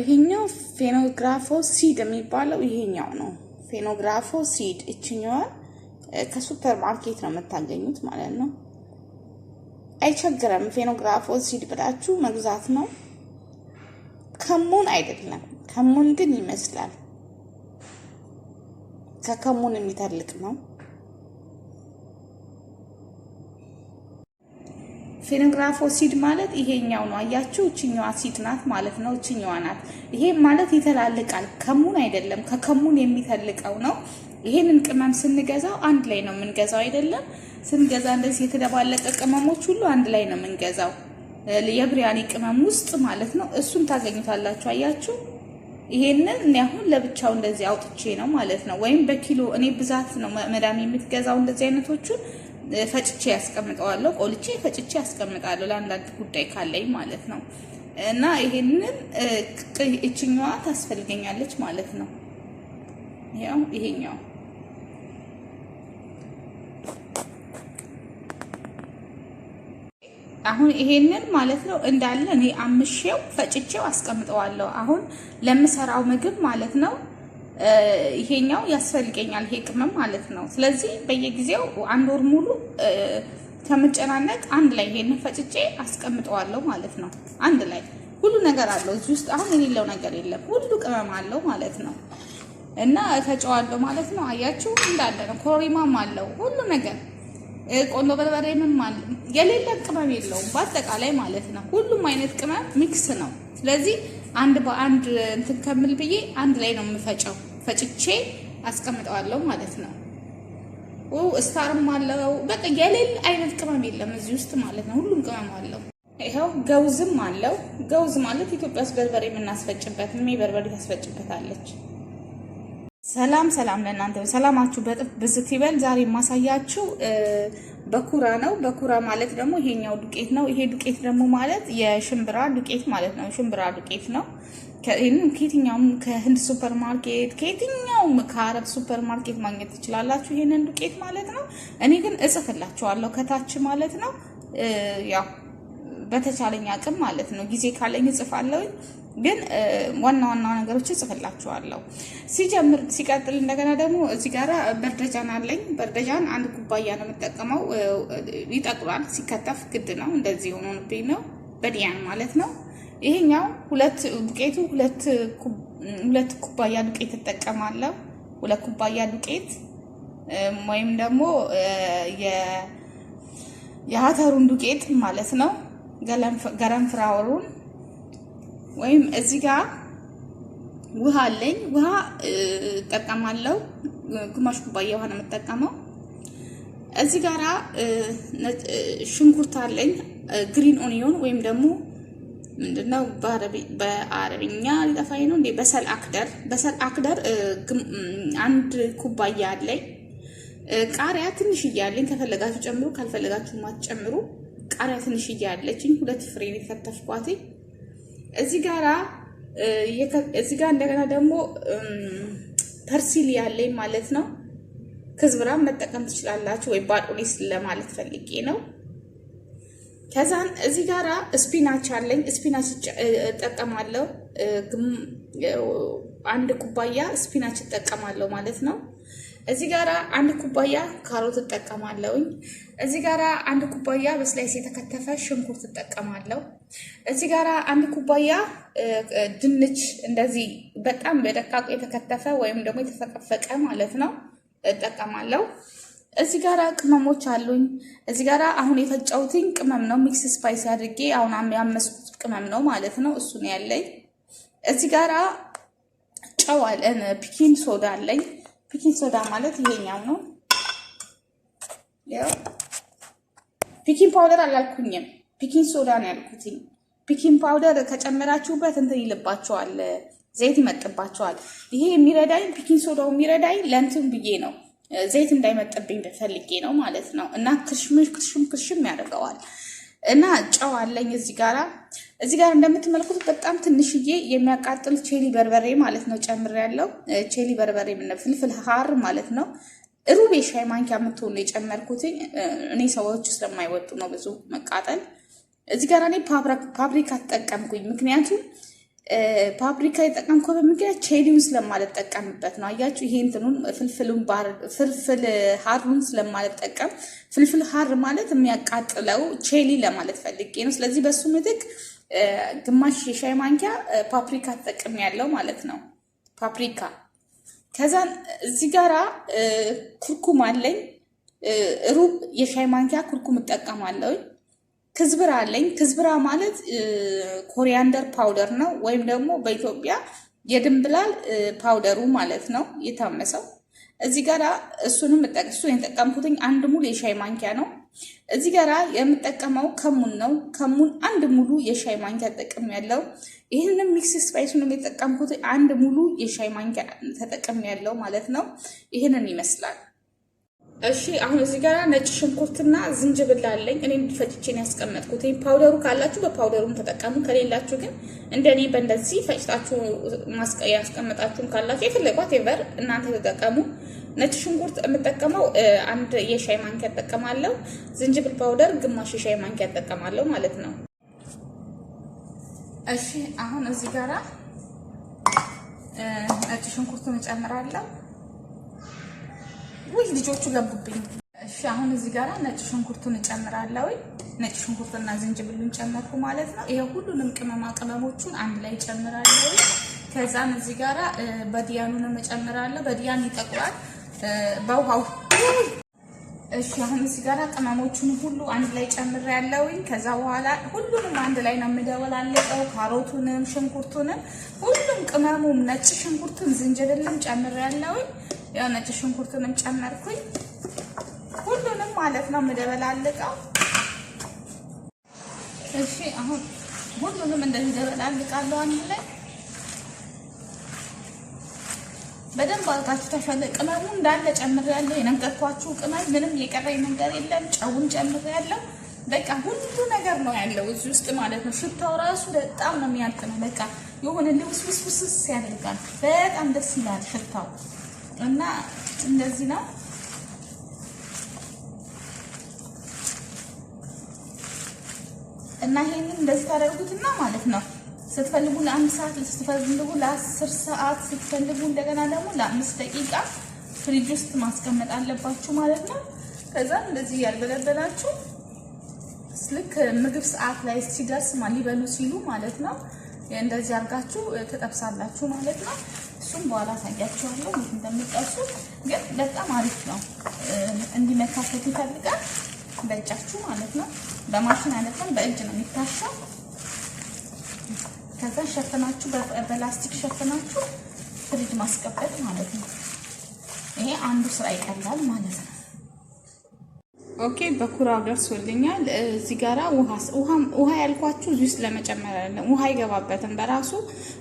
ይሄኛው ፌኖግራፎ ሲድ የሚባለው ይሄኛው ነው። ፌኖግራፎ ሲድ እችኛዋ ከሱፐር ማርኬት ነው የምታገኙት ማለት ነው። አይቸግረም። ፌኖግራፎ ሲድ ብላችሁ መግዛት ነው። ከሙን አይደለም፣ ከሙን ግን ይመስላል። ከከሙን የሚተልቅ ነው። ፌኖግራፍ ኦሲድ ማለት ይሄኛው ነው። አያችሁ፣ እችኛዋ አሲድ ናት ማለት ነው። እችኛዋ ናት። ይሄ ማለት ይተላልቃል። ከሙን አይደለም፣ ከከሙን የሚተልቀው ነው። ይሄንን ቅመም ስንገዛው አንድ ላይ ነው የምንገዛው አይደለም። ስንገዛ እንደዚህ የተደባለቀ ቅመሞች ሁሉ አንድ ላይ ነው የምንገዛው የብሪያኒ ቅመም ውስጥ ማለት ነው። እሱን ታገኙታላችሁ። አያችሁ ይሄንን እኔ አሁን ለብቻው እንደዚህ አውጥቼ ነው ማለት ነው። ወይም በኪሎ እኔ ብዛት ነው መዳም የምትገዛው እንደዚህ አይነቶቹን ፈጭቼ ያስቀምጠዋለሁ። ቆልቼ ፈጭቼ ያስቀምጣለሁ ለአንዳንድ ጉዳይ ካለኝ ማለት ነው። እና ይሄንን እችኛዋ ታስፈልገኛለች ማለት ነው። ያው ይሄኛው አሁን ይሄንን ማለት ነው እንዳለ እኔ አምሼው ፈጭቼው አስቀምጠዋለሁ። አሁን ለምሰራው ምግብ ማለት ነው ይሄኛው ያስፈልገኛል ይሄ ቅመም ማለት ነው። ስለዚህ በየጊዜው አንድ ወር ሙሉ ከመጨናነቅ አንድ ላይ ይሄን ፈጭጬ አስቀምጠዋለሁ ማለት ነው። አንድ ላይ ሁሉ ነገር አለው እዚህ ውስጥ አሁን የሌለው ነገር የለም። ሁሉ ቅመም አለው ማለት ነው። እና እፈጨዋለሁ ማለት ነው። አያችሁ እንዳለ ነው። ኮሪማም አለው ሁሉ ነገር ቆንጆ በርበሬ ምን ማለት የሌለ ቅመም የለውም። በአጠቃላይ ማለት ነው ሁሉም አይነት ቅመም ሚክስ ነው። ስለዚህ አንድ በአንድ እንትን ከምል ብዬ አንድ ላይ ነው የምፈጨው። ፈጭቼ አስቀምጠዋለሁ ማለት ነው። እስታርም አለው። በቃ የሌል አይነት ቅመም የለም እዚህ ውስጥ ማለት ነው። ሁሉም ቅመም አለው። ይኸው ገውዝም አለው። ገውዝ ማለት ኢትዮጵያ ውስጥ በርበሬ የምናስፈጭበት ሜ በርበሬ ታስፈጭበታለች። ሰላም ሰላም ለእናንተ ሰላማችሁ በጥፍ ብዝት ይበል። ዛሬ የማሳያችሁ በኩራ ነው። በኩራ ማለት ደግሞ ይሄኛው ዱቄት ነው። ይሄ ዱቄት ደግሞ ማለት የሽምብራ ዱቄት ማለት ነው። ሽምብራ ዱቄት ነው። ይህንን ከየትኛውም ከህንድ ሱፐር ማርኬት ከየትኛውም ከአረብ ሱፐር ማርኬት ማግኘት ትችላላችሁ፣ ይህንን ዱቄት ማለት ነው። እኔ ግን እጽፍላችኋለሁ ከታች ማለት ነው። ያው በተቻለኝ አቅም ማለት ነው፣ ጊዜ ካለኝ እጽፋለሁ ግን ዋና ዋና ነገሮች እጽፍላችኋለሁ ሲጀምር። ሲቀጥል እንደገና ደግሞ እዚህ ጋር በርደጃን አለኝ። በርደጃን አንድ ኩባያ ነው የምጠቀመው። ይጠቅማል፣ ሲከተፍ ግድ ነው። እንደዚህ የሆነብኝ ነው፣ በዲያን ማለት ነው። ይሄኛው ሁለት ዱቄቱ ሁለት ኩባያ ዱቄት እጠቀማለሁ። ሁለት ኩባያ ዱቄት ወይም ደግሞ የአተሩን ዱቄት ማለት ነው። ገረም ፍራወሩን ወይም እዚህ ጋር ውሃ አለኝ። ውሃ እጠቀማለሁ። ግማሽ ኩባያ ውሃ ነው የምጠቀመው። እዚህ ጋራ ሽንኩርት አለኝ፣ ግሪን ኦኒዮን ወይም ደግሞ ምንድነው በአረብኛ ሊጠፋኝ ነው እንዴ? በሰል አክደር በሰል አክደር አንድ ኩባያ አለኝ። ቃሪያ ትንሽ እያለኝ ከፈለጋችሁ ጨምሩ፣ ካልፈለጋችሁ ማትጨምሩ። ቃሪያ ትንሽ እያለችኝ ሁለት ፍሬ ነው የከተፍኳት። እዚህ ጋራ እዚህ ጋር እንደገና ደግሞ ፐርሲል ያለኝ ማለት ነው። ክዝብራም መጠቀም ትችላላችሁ፣ ወይ ባዶሊስ ለማለት ፈልጌ ነው። ከዛን እዚህ ጋራ ስፒናች አለኝ። ስፒናች እጠቀማለሁ። አንድ ኩባያ ስፒናች እጠቀማለሁ ማለት ነው። እዚህ ጋራ አንድ ኩባያ ካሮት እጠቀማለሁኝ። እዚህ ጋራ አንድ ኩባያ በስላይስ የተከተፈ ሽንኩርት እጠቀማለሁ። እዚህ ጋራ አንድ ኩባያ ድንች እንደዚህ በጣም በደቃቁ የተከተፈ ወይም ደግሞ የተፈቀፈቀ ማለት ነው እጠቀማለሁ። እዚህ ጋር ቅመሞች አሉኝ። እዚህ ጋር አሁን የፈጨሁትኝ ቅመም ነው፣ ሚክስ ስፓይስ አድርጌ አሁን ያመስኩት ቅመም ነው ማለት ነው። እሱ ነው ያለኝ። እዚህ ጋር ጨው አለን፣ ፒኪን ሶዳ አለኝ። ፒኪን ሶዳ ማለት ይሄኛው ነው። ፒኪን ፓውደር አላልኩኝም፣ ፒኪን ሶዳ ነው ያልኩትኝ። ፒኪን ፓውደር ከጨመራችሁበት እንትን ይልባቸዋል፣ ዘይት ይመጥባቸዋል። ይሄ የሚረዳኝ ፒኪን ሶዳው የሚረዳኝ ለእንትን ብዬ ነው ዘይት እንዳይመጥብኝ ፈልጌ ነው ማለት ነው። እና ክርሽም ክርሽም ክሽም ያደርገዋል። እና ጨው አለኝ እዚህ ጋራ እዚህ ጋር እንደምትመለከቱት በጣም ትንሽዬ የሚያቃጥል ቼሊ በርበሬ ማለት ነው ያለው ቼሊ በርበሬ የምንለው ፍልፍል ሀር ማለት ነው። ሩቤ ሻይ ማንኪያ የምትሆኑ የጨመርኩትኝ እኔ ሰዎች ስለማይወጡ ነው ብዙ መቃጠል። እዚህ ጋር እኔ ፓብሪካ ተጠቀምኩኝ ምክንያቱም ፓፕሪካ የጠቀምከው በምክንያት ቼሪውን ስለማልጠቀምበት ነው። አያችሁ ይሄ እንትኑን ፍልፍሉን ፍልፍል ሀሩን ስለማልጠቀም ፍልፍል ሀር ማለት የሚያቃጥለው ቼሊ ለማለት ፈልጌ ነው። ስለዚህ በሱ ምትክ ግማሽ የሻይ ማንኪያ ፓፕሪካ ተጠቅም ያለው ማለት ነው። ፓፕሪካ ከዛ እዚህ ጋራ ኩርኩም አለኝ ሩብ የሻይ ማንኪያ ኩርኩም እጠቀማለሁኝ። ክዝብራ አለኝ። ክዝብራ ማለት ኮሪያንደር ፓውደር ነው፣ ወይም ደግሞ በኢትዮጵያ የድንብላል ፓውደሩ ማለት ነው የታመሰው። እዚህ ጋር እሱንም እሱ የተጠቀምኩትኝ አንድ ሙሉ የሻይ ማንኪያ ነው። እዚህ ጋራ የምጠቀመው ከሙን ነው። ከሙን አንድ ሙሉ የሻይ ማንኪያ ተጠቅም ያለው። ይህንም ሚክስ ስፓይሱንም የተጠቀምኩት አንድ ሙሉ የሻይ ማንኪያ ተጠቅም ያለው ማለት ነው። ይህንን ይመስላል። እሺ አሁን እዚህ ጋር ነጭ ሽንኩርትና ዝንጅብል አለኝ። እኔ ፈጭቼን ያስቀመጥኩት ፓውደሩ ካላችሁ በፓውደሩም ተጠቀሙ። ከሌላችሁ ግን እንደኔ በእንደዚህ ፈጭታችሁ ያስቀመጣችሁም ካላችሁ የፈለጓት ኤቨር እናንተ ተጠቀሙ። ነጭ ሽንኩርት የምጠቀመው አንድ የሻይ ማንኪያ እጠቀማለሁ። ዝንጅብል ፓውደር ግማሽ የሻይ ማንኪያ እጠቀማለሁ ማለት ነው። እሺ አሁን እዚህ ጋራ ነጭ ሽንኩርቱን እጨምራለሁ። ውይ ልጆቹ ገቡብኝ። እሺ አሁን እዚህ ጋር ነጭ ሽንኩርቱን እጨምራለሁ። ነጭ ሽንኩርትና ዝንጅብሉን ጨመርኩ ማለት ነው። ይሄ ሁሉንም ቅመማ ቅመሞቹን አንድ ላይ ጨምራለሁ። ከዛም እዚህ ጋር በዲያኑንም እጨምራለሁ። በዲያን ይጠቁራል በውሃው። እሺ አሁን እዚህ ጋር ቅመሞቹን ሁሉ አንድ ላይ ጨምሬያለሁኝ። ከዛ በኋላ ሁሉንም አንድ ላይ ነው የምደበላለቀው። ካሮቱንም፣ ሽንኩርቱንም፣ ሁሉም ቅመሙም፣ ነጭ ሽንኩርቱን፣ ዝንጅብልም ጨምሬያለሁኝ። ያው ነጭ ሽንኩርትንም ጨመርኩኝ። ሁሉንም ማለት ነው የምደበላልቀው። እሺ አሁን ሁሉንም እንደዚህ ደበላልቃለሁ አንድ ላይ በደንብ አድርጋችሁ ተፈለ ቅመሙ እንዳለ ጨምሬያለሁ። የነገርኳችሁ ቅመም ምንም የቀረኝ ነገር የለም። ጨውን ጨምሬያለሁ። በቃ ሁሉ ነገር ነው ያለው እዚህ ውስጥ ማለት ነው። ሽታው ራሱ በጣም ነው የሚያልቅ ነው። በቃ የሆነ ልውስውስውስስ ያደርጋል። በጣም ደስ ይላል ሽታው። እና እንደዚህ ነው። እና ይሄንን እንደዚህ ታደርጉትና ማለት ነው ስትፈልጉ ለአንድ ሰዓት ስትፈልጉ ለአስር ሰዓት ስትፈልጉ እንደገና ደግሞ ለአምስት ደቂቃ ፍሪጅ ውስጥ ማስቀመጥ አለባችሁ ማለት ነው። ከዛ እንደዚህ ያልበለበላችሁ ልክ ምግብ ሰዓት ላይ ሲደርስ ሊበሉ ሲሉ ማለት ነው እንደዚህ አድርጋችሁ ትጠብሳላችሁ ማለት ነው። እሱም በኋላ አሳያችኋለሁ እንዴት እንደምጠብሱ። ግን በጣም አሪፍ ነው። እንዲመታሰት ይፈልጋል በእጃችሁ ማለት ነው። በማሽን አይደለም በእጅ ነው የሚታሸው። ከዛ ሸፍናችሁ በላስቲክ ሸፍናችሁ ፍሪጅ ማስቀበል ማለት ነው። ይሄ አንዱ ስራ ይቀላል ማለት ነው። ኦኬ በኩራው ደርሶልኛል። እዚህ ጋራ ውሃ ያልኳችሁ እዚህ ውስጥ ለመጨመር አይደለም። ውሃ አይገባበትም በራሱ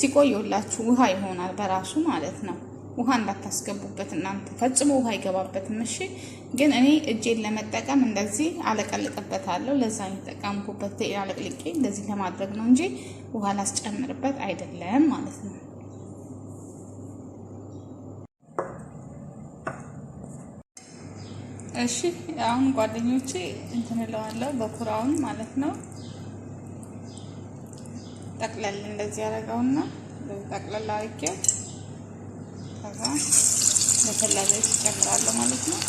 ሲቆየላችሁ ውሃ ይሆናል በራሱ ማለት ነው። ውሃ እንዳታስገቡበት እናንተ ፈጽሞ ውሃ አይገባበትም። እሺ፣ ግን እኔ እጄን ለመጠቀም እንደዚህ አለቀልቅበታለሁ። ለዛ የተጠቀምኩበት አለቅልቄ እንደዚህ ለማድረግ ነው እንጂ ውሃ ላስጨምርበት አይደለም ማለት ነው። እሺ አሁን ጓደኞቼ እንትን እለዋለሁ በኩራውን ማለት ነው። ጠቅለል እንደዚህ ያደረገውና ጠቅለል አድርጌው ከዛ በፈላ ዘይት ማለት ነው።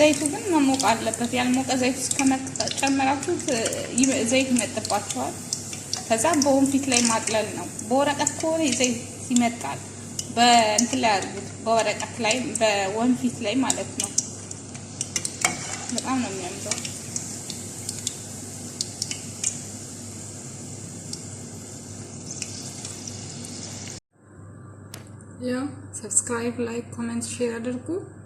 ዘይቱ ግን መሞቅ አለበት። ያልሞቀ ዘይት እስከጨመራችሁት ዘይት ይመጥባቸዋል ከዛ በወንፊት ላይ ማጥለል ነው። በወረቀት ከሆነ ዘይት ይመጣል። በእንትን ላይ አድርጉት፣ በወረቀት ላይ በወንፊት ላይ ማለት ነው። በጣም ነው የሚያምረው። ያው ሰብስክራይብ፣ ላይክ፣ ኮሜንት፣ ሼር አድርጉ።